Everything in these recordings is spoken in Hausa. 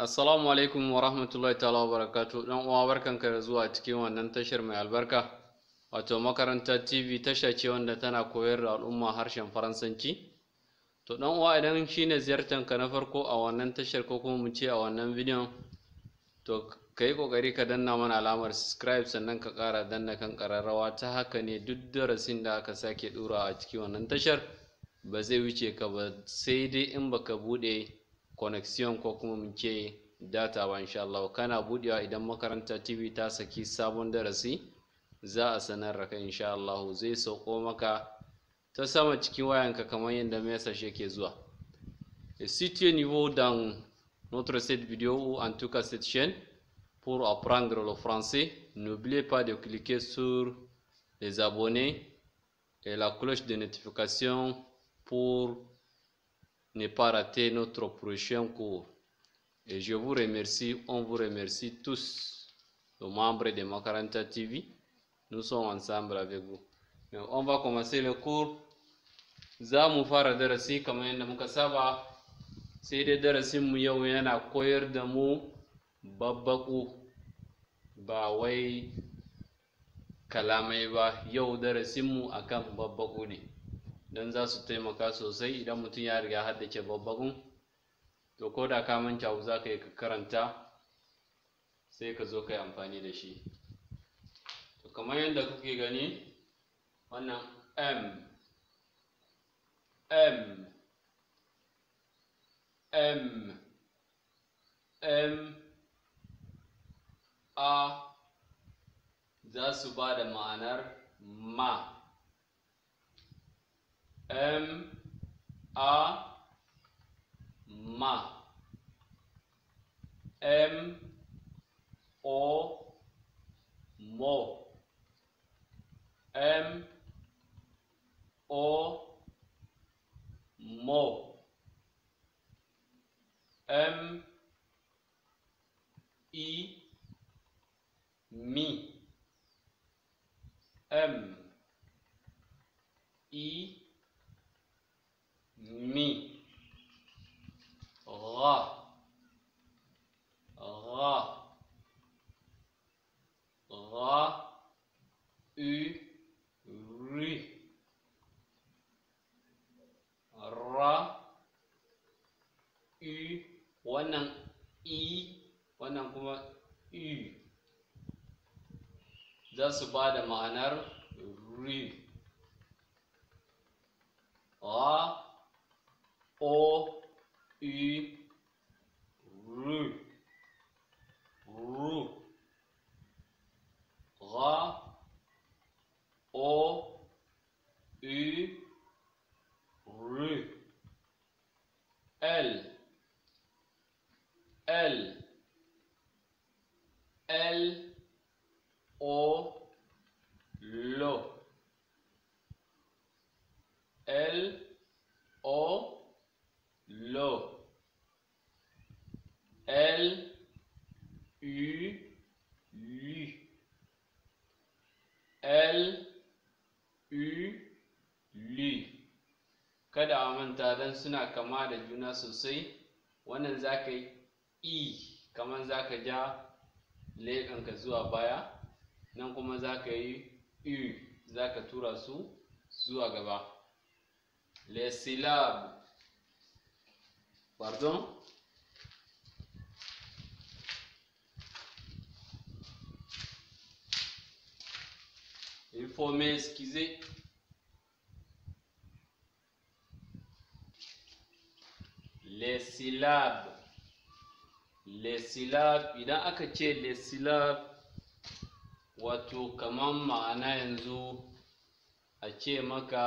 Assalamu alaikum wa rahmatullahi ta'ala wa barakatu dan uwa barkanka da zuwa cikin wannan tashar mai albarka wato makaranta TV tasha ce wanda tana koyar da al'umma harshen Faransanci to dan uwa idan shine ziyartar ka na farko a wannan tashar ko kuma mu ce a wannan bidiyon to kai kokari ka danna mana alamar subscribe sannan ka kara danna kan kararrawa ta haka ne duk darasin da aka sake dura a cikin wannan tashar ba zai wuce ka ba sai dai in baka bude connection ko kuma mu ce data ba insha Allah kana budewa idan makaranta TV ta saki sabon darasi za a sanar da kai insha Allah zai sauko maka ta sama cikin wayanka kamar yanda message yake zuwa si tu es nouveau dans notre cette vidéo ou en tout cas cette chaîne pour apprendre le français n'oubliez pas de cliquer sur les abonnés et la cloche de notification pour ne pas rater notre prochain cours. Et je vous remercie, on vous remercie tous, les membres de Macaranta TV. Nous sommes ensemble avec vous. Donc, on va commencer le cours. Za mu fara darasi kamar yadda muka saba, sai dai mu yau yana koyar da mu ba wai kalamai ba, yau mu akan ne. don za su taimaka sosai idan mutum ya riga haddace babbagun to ko da ka manta abu za ka yi karanta sai ka zo ka yi amfani da shi to kamar yadda kuke gani wannan m m m m a za su ba da ma'anar ma M A Ma M O Mo M O Mo M I Mi M I Mi غا غا غا أو ري ra أو wannan i wannan kuma u za su ba da ma'anar ri 啊。Uh O, U, RU, RU, RA, O, U, RU, L, L, L, O, LO. L, O, lo L U LU. L U LU. Kada a manta don suna kama da juna sosai, wannan za yi I e, kamar zaka ka ja leƙanka zuwa baya, nan kuma za yi U za tura su zuwa gaba. Les Pardon? Il faut m'excuser. Les syllabes. Les syllabes, idan aka ce les syllabes, wato kaman ma'ana yanzu a ce maka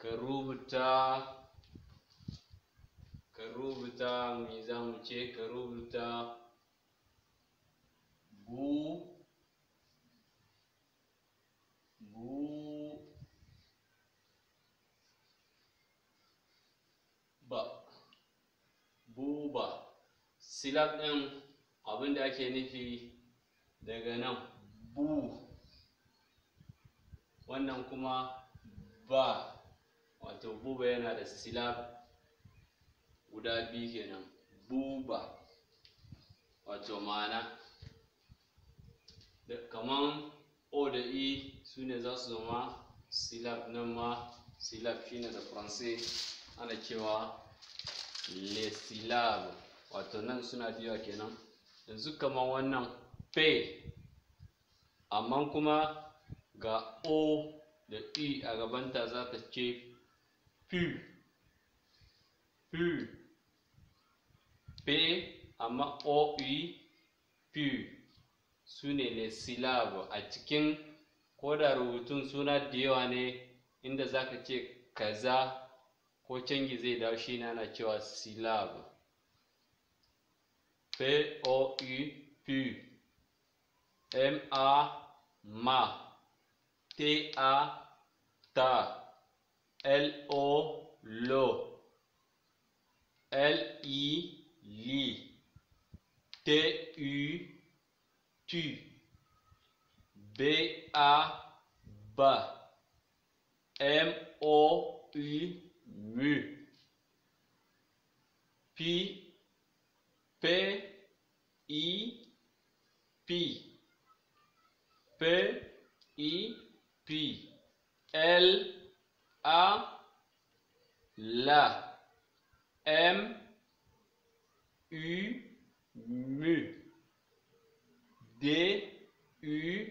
ka rubuta ka rubuta mai za mu ce ka rubuta bu bu ba buba silab ɗin abinda ake nufi daga nan bu wannan kuma ba wato buba yana da silab guda biyu kenan buba wato ma'ana kaman o da e su ne za su zama silab nan ma silab ne da faransai ana cewa le silab wato nan suna biyu kenan yanzu kaman wannan pe amma kuma ga o da e a gabanta za ta ce pu pu B amma O, U, P su ne ne silabo a cikin ko da rubutun suna da yawa ne inda za ka ce kaza ko canji zai dawo shi na cewa silabo P, O, U, P M, A, ma T, A, ta L, O, lo L, I, li, T U tu, B A ba, M O U mu, pi, P I pi, P I pi, L A la, M U mu. D U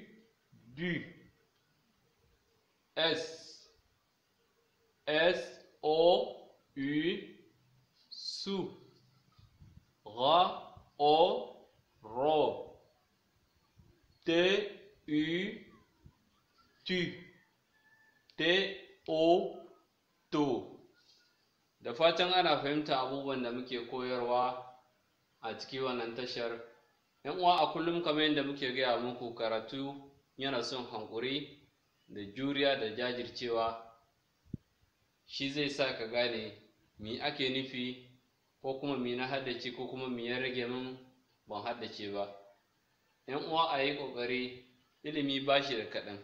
du. S S O U sou. Ra O ro. T U tu. T O to. Da fatan ana fahimta abubuwan da muke koyarwa. a cikin wannan tashar yan uwa a kullum kamar yadda muke gaya muku karatu yana son hankuri da juriya da jajircewa shi zai sa ka gane mi ake nufi ko kuma me na haddace ko kuma me ya rage min ban haddace ba yan uwa a yi ƙoƙari ilimi ba shi da kaɗan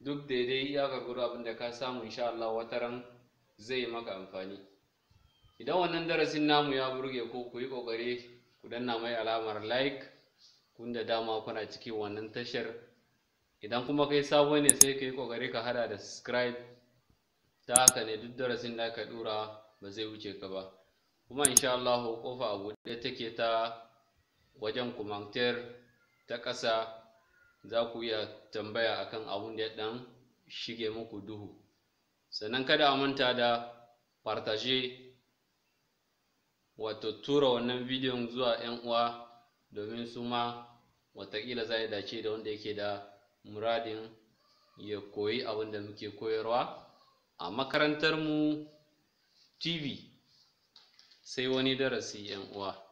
duk daidai ya garguru abinda da ka samu insha Allah wataran zai maka amfani idan wannan darasin namu ya burge ko ku yi kokari ku danna mai alamar like kun da dama kuna cikin wannan tashar idan kuma kai sabo ne sai ka yi kokari ka hada da subscribe ta haka ne duk darasin da ka dura ba zai wuce ka ba kuma insha Allah kofa a buɗe take ta wajen kumantar ta ƙasa za ku iya tambaya akan abun da ya ɗan shige muku duhu sannan kada a manta da partage wato tura wannan bidiyon zuwa 'yan uwa domin su ma watakila za ya dace da wanda yake da muradin ya koyi abin da muke koyarwa a makarantar mu tv sai wani darasi 'yan uwa